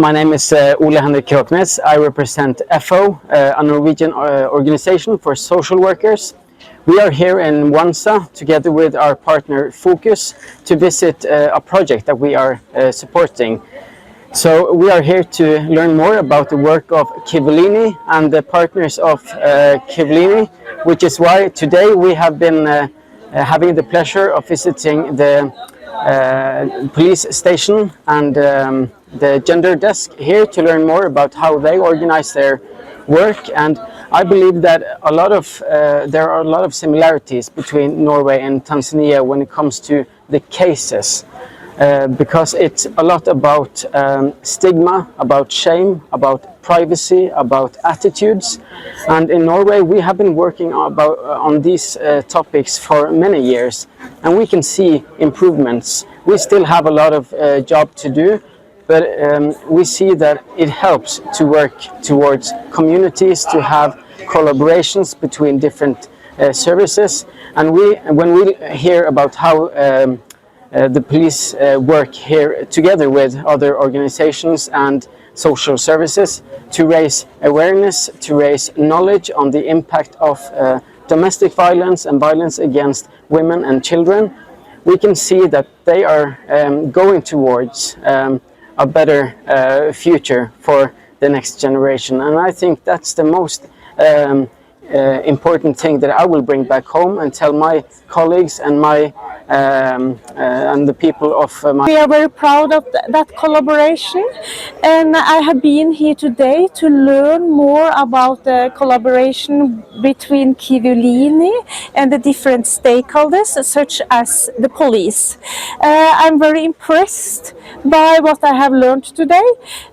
My name is uh, Ole Henrik Kroknes. I represent FO, uh, a Norwegian uh, organization for social workers. We are here in Wansa together with our partner Focus to visit uh, a project that we are uh, supporting. So we are here to learn more about the work of Kivolini and the partners of uh, which is why today we have been uh, having the pleasure of visiting the uh, police station and um, the gender desk here to learn more about how they organize their work and I believe that a lot of uh, there are a lot of similarities between Norway and Tanzania when it comes to the cases uh, because it's a lot about um, stigma, about shame, about privacy, about attitudes. And in Norway, we have been working about, uh, on these uh, topics for many years, and we can see improvements. We still have a lot of uh, job to do, but um, we see that it helps to work towards communities, to have collaborations between different uh, services. And we, when we hear about how um, uh, the police uh, work here together with other organizations and social services to raise awareness, to raise knowledge on the impact of uh, domestic violence and violence against women and children, we can see that they are um, going towards um, a better uh, future for the next generation. And I think that's the most um, uh, important thing that I will bring back home and tell my colleagues and my um, uh, and the people of uh, my. We are very proud of th that collaboration, and I have been here today to learn more about the collaboration between Kivulini and the different stakeholders, such as the police. Uh, I'm very impressed by what I have learned today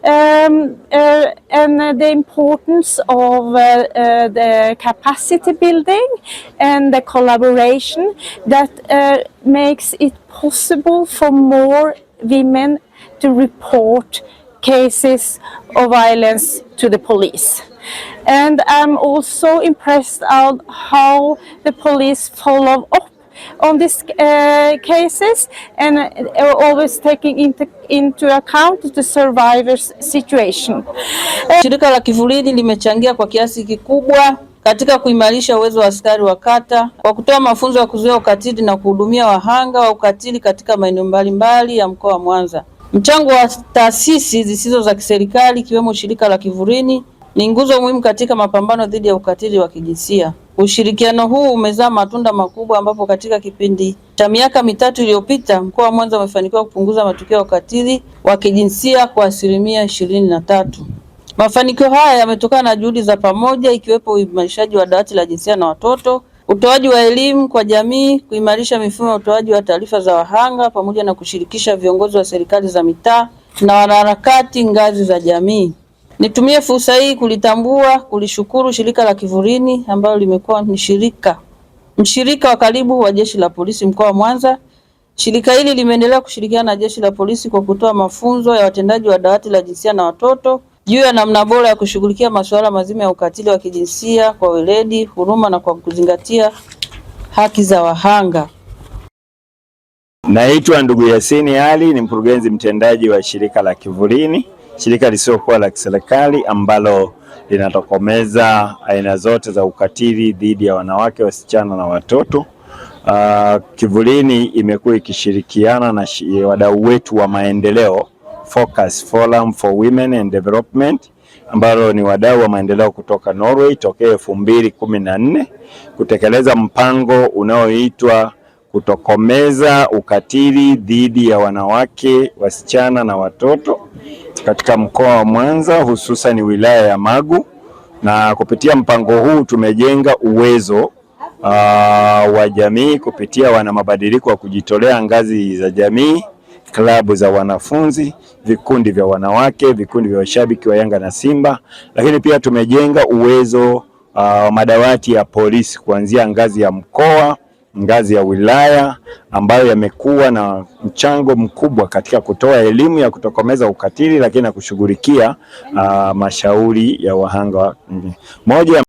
um, uh, and uh, the importance of uh, uh, the capacity building and the collaboration that makes it possible for more women to report cases of violence to the police. And I'm also impressed on how the police follow up on these uh, cases and uh, always taking into, into account the survivors situation. Uh, shirika la Kivulini limechangia kwa kiasi kikubwa katika kuimarisha uwezo wa askari wa kata kwa kutoa mafunzo ya kuzuia ukatili na kuhudumia wahanga wa ukatili katika maeneo mbalimbali ya mkoa wa Mwanza. Mchango wa taasisi zisizo za kiserikali ikiwemo shirika la Kivulini ni nguzo muhimu katika mapambano dhidi ya ukatili wa kijinsia. Ushirikiano huu umezaa matunda makubwa ambapo katika kipindi cha miaka mitatu iliyopita mkoa wa Mwanza umefanikiwa kupunguza matukio ya ukatili wa kijinsia kwa asilimia ishirini na tatu. Mafanikio haya yametokana na juhudi za pamoja ikiwepo uimarishaji wa dawati la jinsia na watoto, utoaji wa elimu kwa jamii, kuimarisha mifumo ya utoaji wa taarifa za wahanga pamoja na kushirikisha viongozi wa serikali za mitaa na wanaharakati ngazi za jamii. Nitumie fursa hii kulitambua, kulishukuru shirika la Kivulini ambalo limekuwa mshirika mshirika wa karibu wa jeshi la polisi mkoa wa Mwanza. Shirika hili limeendelea kushirikiana na jeshi la polisi kwa kutoa mafunzo ya watendaji wa dawati la jinsia na watoto juu ya namna bora ya kushughulikia masuala mazima ya ukatili wa kijinsia kwa weledi, huruma na kwa kuzingatia haki za wahanga. Naitwa ndugu Yasini Ali, ni mkurugenzi mtendaji wa shirika la Kivulini shirika lisilokuwa la kiserikali ambalo linatokomeza aina zote za ukatili dhidi ya wanawake, wasichana na watoto. Uh, Kivulini imekuwa ikishirikiana na wadau wetu wa maendeleo Focus Forum for Women and Development ambalo ni wadau wa maendeleo kutoka Norway tokea elfu mbili kumi na nne kutekeleza mpango unaoitwa kutokomeza ukatili dhidi ya wanawake, wasichana na watoto katika mkoa wa Mwanza hususan wilaya ya Magu, na kupitia mpango huu tumejenga uwezo Uh, wa jamii kupitia wana mabadiliko wa kujitolea ngazi za jamii, klabu za wanafunzi, vikundi vya wanawake, vikundi vya washabiki wa Yanga na Simba, lakini pia tumejenga uwezo uh, madawati ya polisi kuanzia ngazi ya mkoa ngazi ya wilaya ambayo yamekuwa na mchango mkubwa katika kutoa elimu ya kutokomeza ukatili, lakini na kushughulikia uh, mashauri ya wahanga. Moja